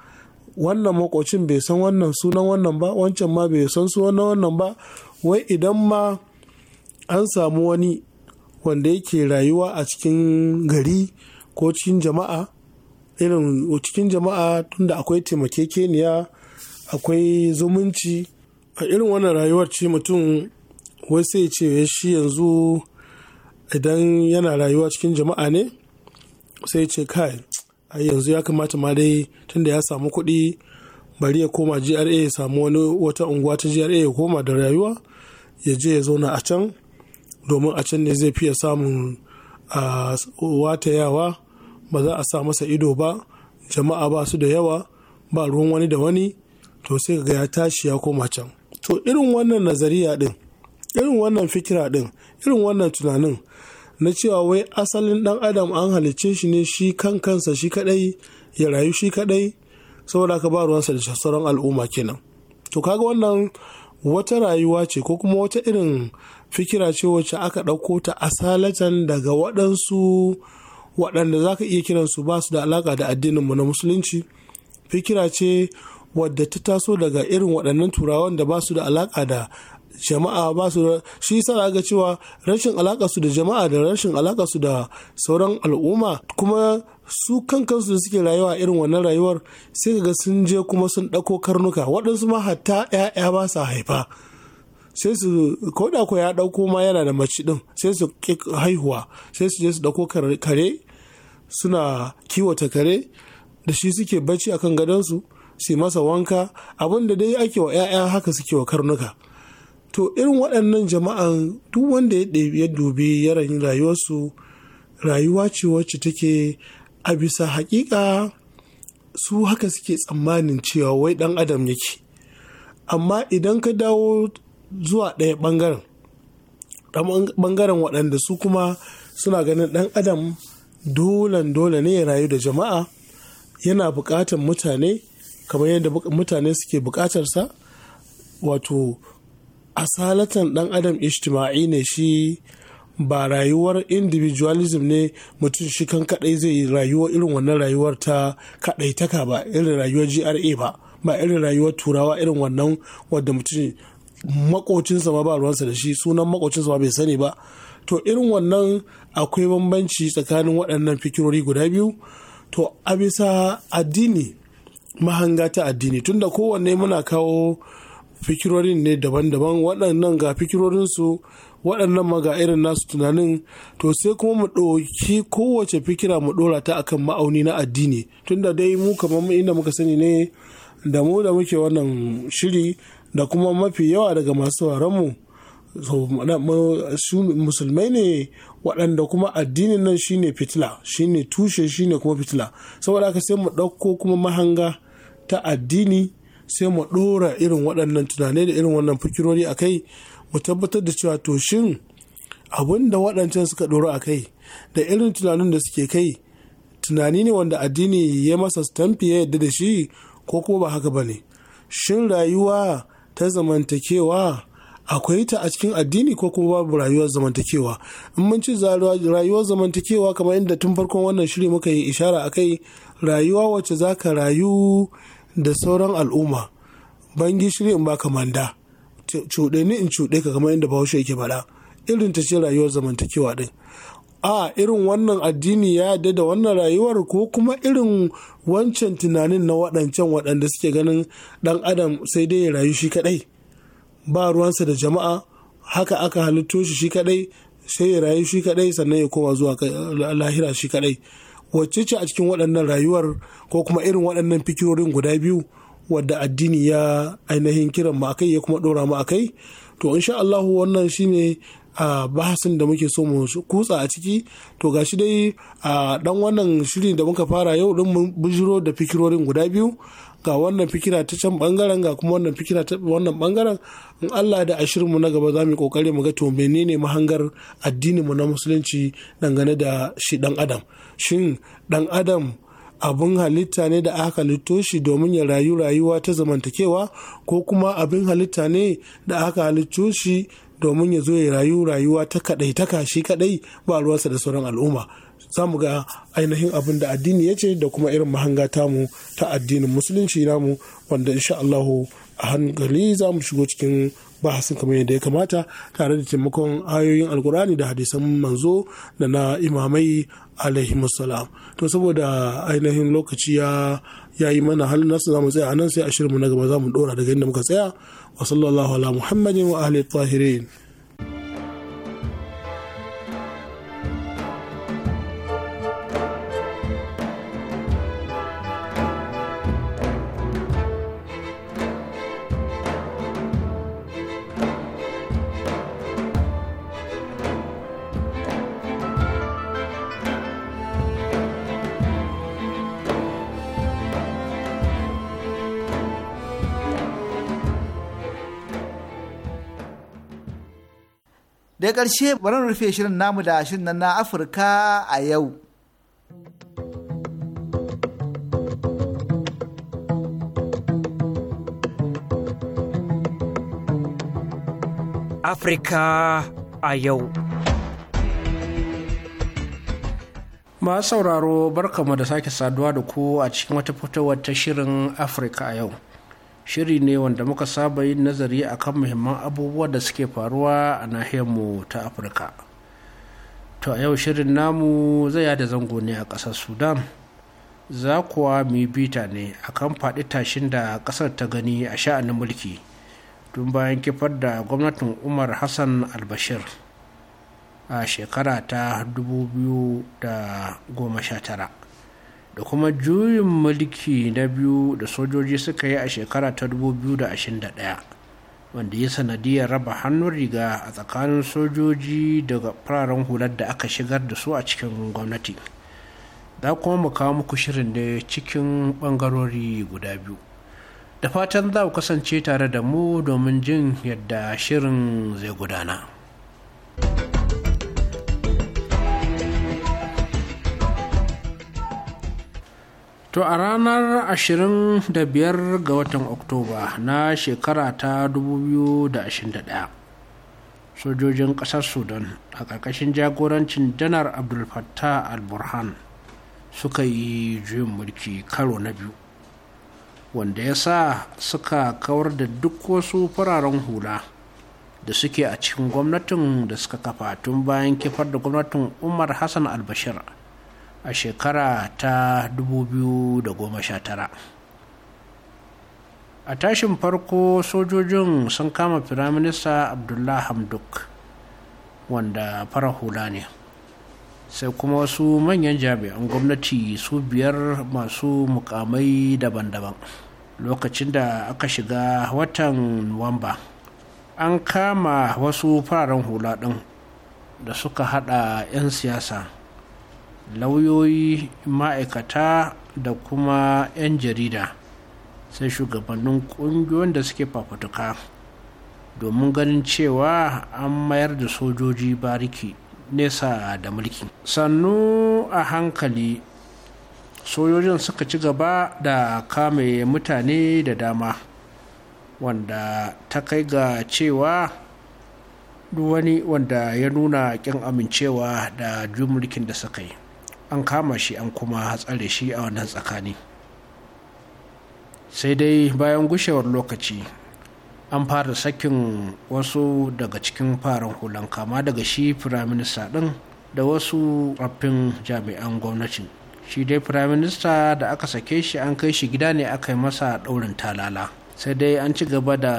wannan makocin bai san wannan sunan wannan ba wancan ma bai san su wannan wannan ba wai idan ma an samu wani wanda yake rayuwa a cikin gari ko cikin jama'a irin cikin jama'a tunda akwai taimakekeniya akwai zumunci a irin wannan rayuwar ce mutum wai sai ce shi yanzu idan yana rayuwa cikin jama'a ne sai ce kai a yanzu ya kamata ma dai tunda ya samu kuɗi bari ya koma gra ya samu wani wata unguwa ta gra ya koma da rayuwa ya je ya zauna a can domin a can ne zai fiye samun watayawa ba za a sa masa ido ba jama'a ba su da yawa ba ruwan wani da wani to sai ga ya tashi ya koma can to irin wannan nazariya din irin wannan fikira din irin wannan tunanin na cewa wai asalin dan adam an halicce shi ne shi kan kansa shi kadai ya rayu shi kadai saboda ka ba ruwansa da sauran al'umma kenan to kaga wannan wata rayuwa ce ko kuma wata irin fikira ce wacce aka ɗauko ta asalatan daga waɗansu waɗanda za ka iya kiransu ba su da alaƙa da addininmu na musulunci fikira ce wadda ta taso daga irin waɗannan turawan da ba su da alaƙa da jama'a ba su shi sa ga cewa rashin alaƙa su da jama'a da rashin alaƙa su da sauran al'umma kuma su kan kansu da suke rayuwa irin wannan rayuwar sai ga sun je kuma sun ɗauko karnuka waɗansu ma hatta 'ya'ya ba sa haifa sai su da ko ya ɗauko ma yana da mace ɗin sai su haihuwa sai su je su ɗauko kare suna kiwata kare da shi suke bacci akan gadonsu su masa wanka abin dai ake wa 'ya'ya haka suke wa karnuka to irin waɗannan jama'an duk wanda ya dubi yaran rayuwarsu rayuwa ce wacce take a bisa haƙiƙa su haka suke tsammanin cewa wai ɗan adam yake amma idan ka dawo zuwa ɗaya ɓangaren ɓangaren waɗanda su kuma suna ganin ɗan adam dolan dole ne ya rayu da jama'a yana buƙatar mutane kamar yadda mutane suke bukatarsa wato asalatan dan adam ishtima'i ne shi ba rayuwar individualism ne mutum shi kan kadai zai rayuwa irin wannan rayuwar ta kadaitaka ba irin rayuwar gra ba ba irin rayuwar turawa irin wannan wadda mutum makocinsa ma ba ruwansa da shi sunan makocinsa ma bai sani ba to irin wannan akwai bambanci tsakanin waɗannan fikirori guda biyu to a bisa addini mahanga ta addini tunda kowanne muna kawo fikirorin ne daban-daban waɗannan ga fikirorinsu waɗannan ma ga irin nasu tunanin to sai kuma mu ɗauki kowace fikira mu ɗora ta akan ma'auni na addini tunda dai mu kamar inda muka sani ne da mu da muke wannan shiri da kuma mafi yawa daga masu mu musulmai ne waɗanda kuma addinin nan shine fitila shine tushe shine kuma fitila saboda haka sai mu ɗauko kuma mahanga ta addini sai mu ɗora irin waɗannan tunani da irin wannan fikirori a kai mu tabbatar da cewa to shin abin da waɗancan suka ɗora a kai da irin tunanin da suke kai tunani ne wanda addini ya masa stamfi ya yadda da shi ko kuma ba haka ba ne shin rayuwa ta zamantakewa akwai ta a cikin addini ko kuma babu rayuwar zamantakewa in mun ci rayuwar zamantakewa kamar inda tun farkon wannan shiri muka yi ishara akai rayuwa wacce za ka rayu da sauran al'umma ban gishiri in baka manda cuɗe ni in cuɗe ka kamar inda bahaushe yake faɗa irin ta ce rayuwar zamantakewa din a irin wannan addini ya yarda da wannan rayuwar ko kuma irin wancan tunanin na waɗancan waɗanda suke ganin ɗan adam sai dai ya rayu shi kaɗai ba ruwansa da jama'a haka aka halitto shi shi kaɗai sai ya rayu shi kaɗai sannan ya kowa zuwa lahira shi kaɗai wacce ce a cikin waɗannan rayuwar ko kuma irin waɗannan fikirorin guda biyu wadda addini ya ainihin kiran mu akai ya kuma ɗora mu akai to insha Allahu wannan shine a bahasin da muke so mu kutsa a ciki to gashi dai a dan wannan shiri da muka fara yau din mun bujiro da fikirorin guda biyu ga wannan fikira ta can bangaren ga kuma wannan fikira ta wannan bangaren in Allah da ashirin mu na gaba za mu yi kokari mu ga to menene mahangar addinin mu na musulunci dangane da shi dan adam shin ɗan adam abin halitta ne da aka halitto shi domin ya rayu rayuwa ta zamantakewa ko kuma abin halitta ne da aka halitto shi domin ya zo ya rayu rayuwa ta kadai ta kashi kadai ba ruwansa da sauran al'umma za mu ga ainihin abin da addini ya ce da kuma irin mahanga mu ta addinin musulunci namu wanda insha Allah a hankali za mu shigo cikin bahasin kamar yadda ya kamata tare da taimakon ayoyin alkurani da hadisan manzo da na imamai alaihi salam to saboda ainihin lokaci ya ya yi mana halin nasu mu tsaya anan sai a shirinmu na gaba za mu dora daga inda muka tsaya wa sallallahu ala muhammadin wa ahli tahirin da ƙarshe bari rufe shirin namu da shirin na afirka a yau afirka a yau ma sauraro barkamu da sake saduwa da ku a cikin wata fitowar ta shirin afirka a yau shiri ne wanda muka saba yin nazari akan muhimman abubuwa da suke faruwa a nahiyarmu ta afirka to a yau shirin namu zai yada zango ne a ƙasar sudan za kuwa mu bita ne akan faɗi tashin da ƙasar ta gani a sha'anin mulki tun bayan kifar da gwamnatin umar hassan albashir a shekara ta 2019 da kuma juyin mulki na biyu da sojoji suka yi a shekara ta 2021 wanda ya sanadiyar raba hannun riga a tsakanin sojoji daga fararen hular da aka shigar da su a cikin gwamnati za kuma mu kawo muku shirin da cikin bangarori guda biyu da fatan za ku kasance tare da mu domin jin yadda shirin zai gudana. To a ranar 25 ga watan Oktoba na shekara ta 2021, sojojin ƙasar Sudan a ƙarƙashin jagorancin Janar Abdul Fattah al-Burhan suka yi juyin mulki karo na biyu, wanda ya sa suka kawar da duk wasu fararen hula da suke a cikin gwamnatin da suka kafa tun bayan kifar da gwamnatin Umar Hassan al-Bashir. a shekara ta 2019 a tashin farko sojojin sun kama firaminista abdullah hamduk wanda fara hula ne sai kuma wasu manyan jami'an gwamnati su biyar masu mukamai daban-daban lokacin da aka shiga watan nuwamba an kama wasu fararen hula ɗin da suka hada 'yan siyasa lauyoyi ma'aikata da kuma 'yan jarida sai shugabannin ƙungiyoyin da suke fafutuka domin ganin cewa an mayar da sojoji bariki nesa da mulki sannu a hankali sojojin suka ci gaba da kame mutane da dama wanda ta kai ga cewa duk wani wanda ya nuna ƙin amincewa da mulkin da suka yi an kama shi an kuma hatsare shi a wannan tsakani sai dai bayan gushewar lokaci an fara sakin wasu daga cikin farin hulan kama daga shi firaminista ɗin da wasu rafin jami'an gwamnati, shi dai firaminista da aka sake shi an kai shi gida ne aka yi masa ɗaurin talala sai dai an ci gaba da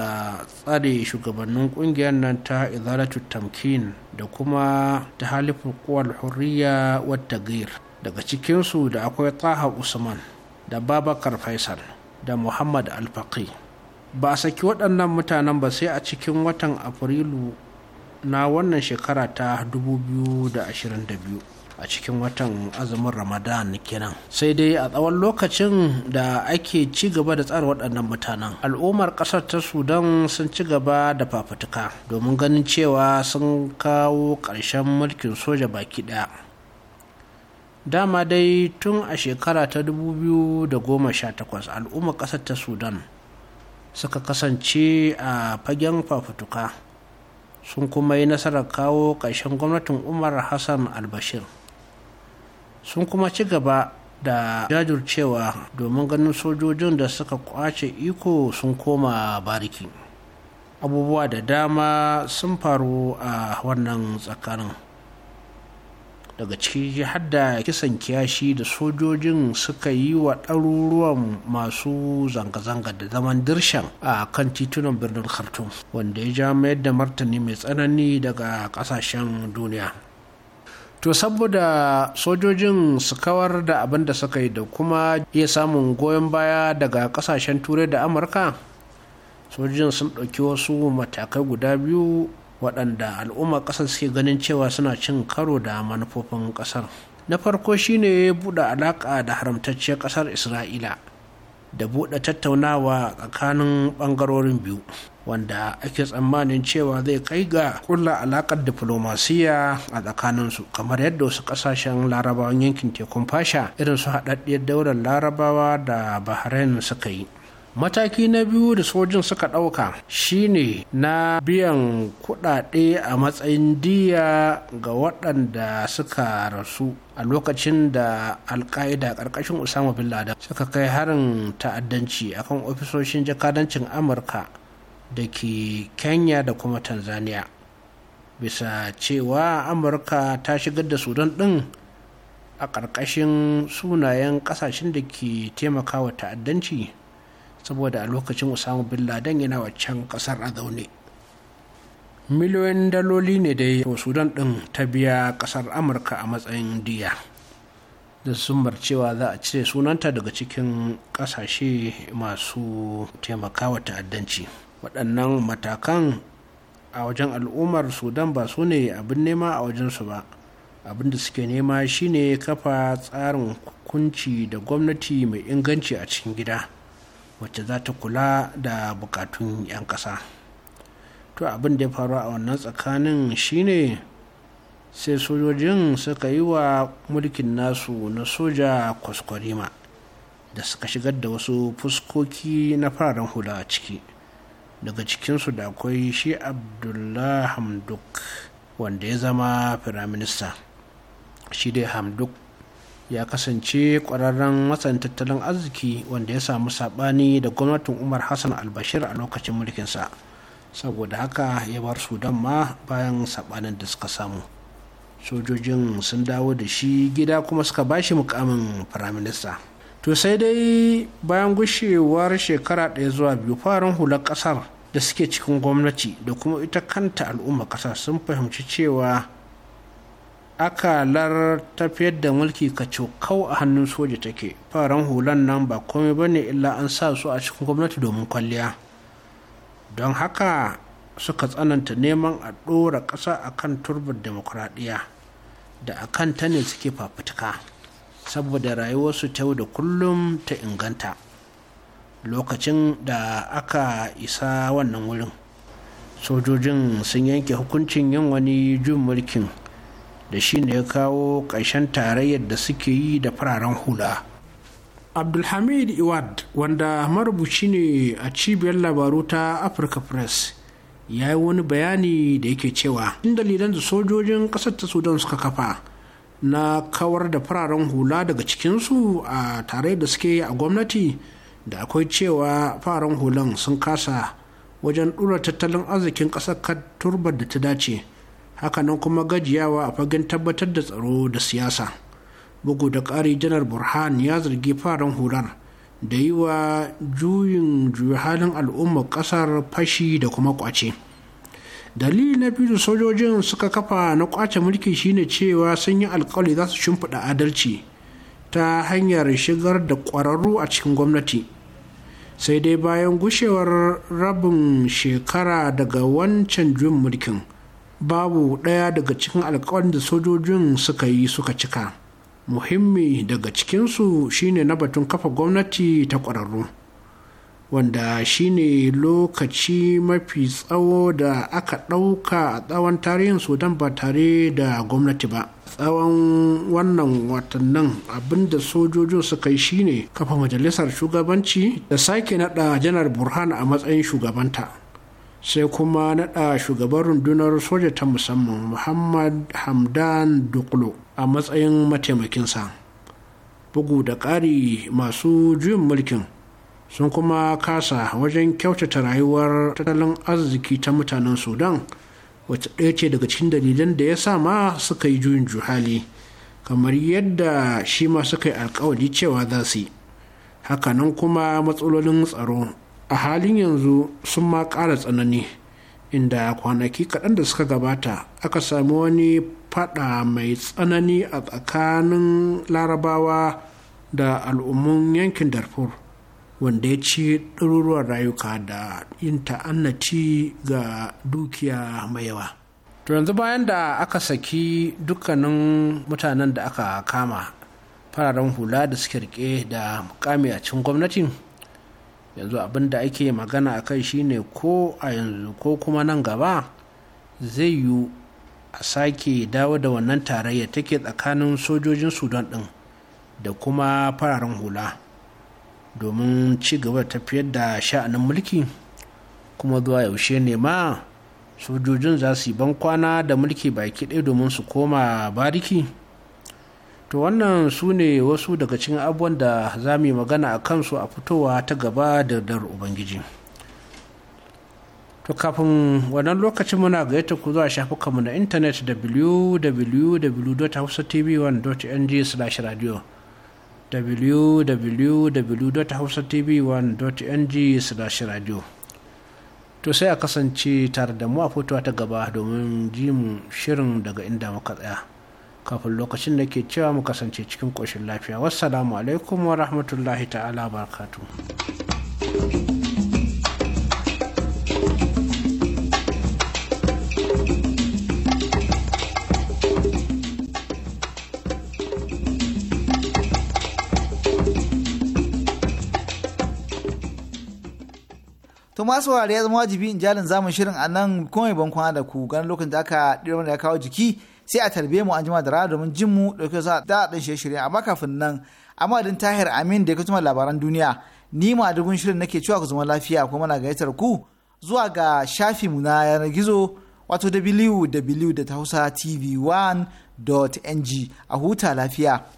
tsare shugabannin kungiyar nan ta izalatu tamkin da kuma ta halifin kowal hurriya wata gir daga cikinsu da akwai taha usman da babakar faisal da muhammad alfaqi ba a saki waɗannan mutanen ba sai a cikin watan afrilu na wannan shekara ta 2022 a cikin watan azumin ramadan kenan sai dai a tsawon lokacin da ake ci gaba da tsara waɗannan mutanen al'ummar ƙasar ta sudan sun ci gaba da fafutuka domin ganin cewa sun kawo ƙarshen mulkin soja baki ɗaya dama dai tun a shekara ta 2018 al'ummar ƙasar ta sudan suka kasance a fagen fafutuka sun kuma yi nasarar kawo ƙarshen gwamnatin umar hassan albashir sun kuma ci gaba da jajircewa domin ganin sojojin da suka kwace iko sun koma bariki abubuwa da dama sun faru a wannan tsakanin daga ciki har da kisan kiyashi da sojojin suka yi wa ɗaruruwan masu zanga-zanga da zaman dirshan a kan titunan birnin khartoum wanda ya ja mayar da martani mai tsanani daga ƙasashen duniya to saboda sojojin su kawar da abin da suka yi da kuma iya samun goyon baya daga kasashen turai da amurka sojojin sun ɗauki wasu matakai guda biyu waɗanda al'umma ƙasar suke ganin cewa suna cin karo da manufofin ƙasar na farko shine buɗe alaƙa da haramtacciyar ƙasar isra'ila da buɗe tattaunawa tsakanin ɓangarorin biyu wanda ake tsammanin cewa zai kai ga kulla alakar diflomasiya a tsakaninsu kamar yadda wasu kasashen larabawan yankin tekun fasha irin su haɗaɗɗiyar daular larabawa da bahrain suka yi mataki na biyu da sojin suka ɗauka shine na biyan kuɗaɗe a matsayin diya ga waɗanda suka rasu a lokacin da alka'ida ƙarƙashin usama bin laden suka kai harin ta'addanci akan ofisoshin jakadancin amurka da ke kenya da kuma tanzania bisa cewa amurka ta shigar da sudan ɗin a ƙarƙashin sunayen ƙasashen da ke taimakawa ta'addanci saboda a lokacin usama bin laden yana waccan kasar a zaune miliyoyin daloli ne da dai sudan din ta biya kasar amurka a matsayin diya da sumbar cewa za a cire sunanta daga cikin kasashe masu taimakawa ta'addanci waɗannan matakan a wajen al'ummar sudan ba su ne abin nema a wajensu ba abin da suke nema shine kafa tsarin hukunci da gwamnati mai inganci a cikin gida wacce za ta kula da bukatun 'yan ƙasa to abin da ya faru a wannan tsakanin shine sai sojojin suka yi wa mulkin nasu na soja kwaskwarima da suka shigar da wasu fuskoki na fararen hula a ciki daga cikinsu da akwai shi abdullah hamduk wanda ya zama firaminista shi dai hamduk ya kasance ƙwararren matsayin tattalin arziki wanda ya samu saɓani da gwamnatin umar hassan albashir a lokacin mulkinsa saboda haka ya bar sudan ma bayan saɓanin da suka samu sojojin sun dawo da shi gida kuma suka ba shi mukamin firaminista to sai dai bayan gushewar shekara ɗaya zuwa biyu farin hular ƙasar da suke cikin gwamnati da kuma ita kanta al'umma ƙasar sun fahimci cewa akalar tafiyar da mulki ka kacokau a hannun soja take faran hulan nan ba komai ba ne illa an sa su a cikin gwamnati domin kwalliya don haka suka tsananta neman a ɗora ƙasa a kan turbar demokuraɗiyya da a kan ta ne suke fafutuka saboda rayuwarsu ta da kullum ta inganta lokacin da aka isa wannan wurin sojojin sun yanke hukuncin yin wani jin mulkin da shi ne ya kawo ƙarshen tarayyar da suke yi da fararen hula abdulhamid iwad wanda marubuci ne a cibiyar labaru ta africa press ya yi wani bayani da yake cewa in dalilan da sojojin ƙasar ta sudan suka kafa na kawar da fararen hula daga cikinsu a tare da suke a gwamnati da akwai cewa fararen hulan sun kasa wajen ɗura tattalin arzikin ƙasar turbar da ta dace hakanan kuma gajiyawa a fagen tabbatar da tsaro da siyasa bugu da ƙari janar burhan ya zargi faran hular da yi wa juyin juya halin al'ummar ƙasar fashi da kuma ƙwace dalili na biyu sojojin suka kafa na ƙwace mulki shine cewa sun yi alkawari za su shimfiɗa adalci ta hanyar shigar da ƙwararru a cikin gwamnati sai dai bayan gushewar rabin shekara daga wancan juyin mulkin babu ɗaya daga cikin alkawarin da sojojin suka yi suka cika muhimmi daga cikinsu shine na batun kafa gwamnati ta ƙwararru wanda shine lokaci mafi tsawo da aka ɗauka a tsawon tarihin sudan ba tare da gwamnati ba tsawon wannan watannin abinda sojojin suka yi shine kafa majalisar shugabanci da sake naɗa janar burhan a matsayin shugabanta sai kuma naɗa shugaban rundunar soja ta musamman muhammad hamdan duklo a matsayin mataimakinsa bugu da ƙari masu juyin mulkin sun kuma kasa wajen kyautata rayuwar tattalin arziki ta mutanen sudan wacce ɗaya ce daga cikin dalilan da ya sa ma suka yi juyin juhali kamar yadda shi ma suka yi alkawari cewa za su yi hakanan kuma matsalolin tsaro a halin yanzu sun ma ƙara tsanani inda kwanaki kaɗan da suka gabata aka sami wani fada mai tsanani a tsakanin larabawa da al'ummun yankin darfur wanda ya ci ɗaruruwan rayuka da yin ta'annaci ga dukiya mai yawa to yanzu bayan da aka saki dukkanin mutanen da aka kama fararen hula da suke rike da mukami a cikin gwamnatin yanzu abin da ake magana a kai shine ko a yanzu ko kuma nan gaba zai yi a sake dawo da wannan tarayya take tsakanin sojojin sudan din da kuma fararen hula domin ci gaba da tafiyar da sha'anin mulki kuma zuwa yaushe ne ma sojojin za su yi ban kwana da mulki baki ɗaya domin su koma bariki to wannan su ne wasu daga cikin abubuwan da za mu yi magana a kansu a fitowa ta gaba da dar ubangiji to kafin wannan lokacin muna gayyata ku zuwa shafukanmu na intanet www.hausatv1.ng/radio www.hausatv1.ng/radio to sai a kasance tare da mu a fitowa ta gaba domin jimu shirin daga inda muka tsaya. kafin lokacin da ke cewa mu kasance cikin ƙoshin lafiya wassalamu alaikum wa rahmatullahi ta'ala barkatu. to masu ware ya zama wajibi in jalin zamun shirin a nan kuma ban kwana da ku ganin lokacin da aka ɗirar da ya kawo jiki sai a tarbe mu an jima da rana domin jin mu dauke za da ɗan shirye-shirye amma kafin nan amma tahir amin da ya kuma labaran duniya ni ma dugun shirin nake cewa ku zama lafiya kuma muna gayyatar ku zuwa ga shafi mu na yanar gizo wato tv 1ng a huta lafiya.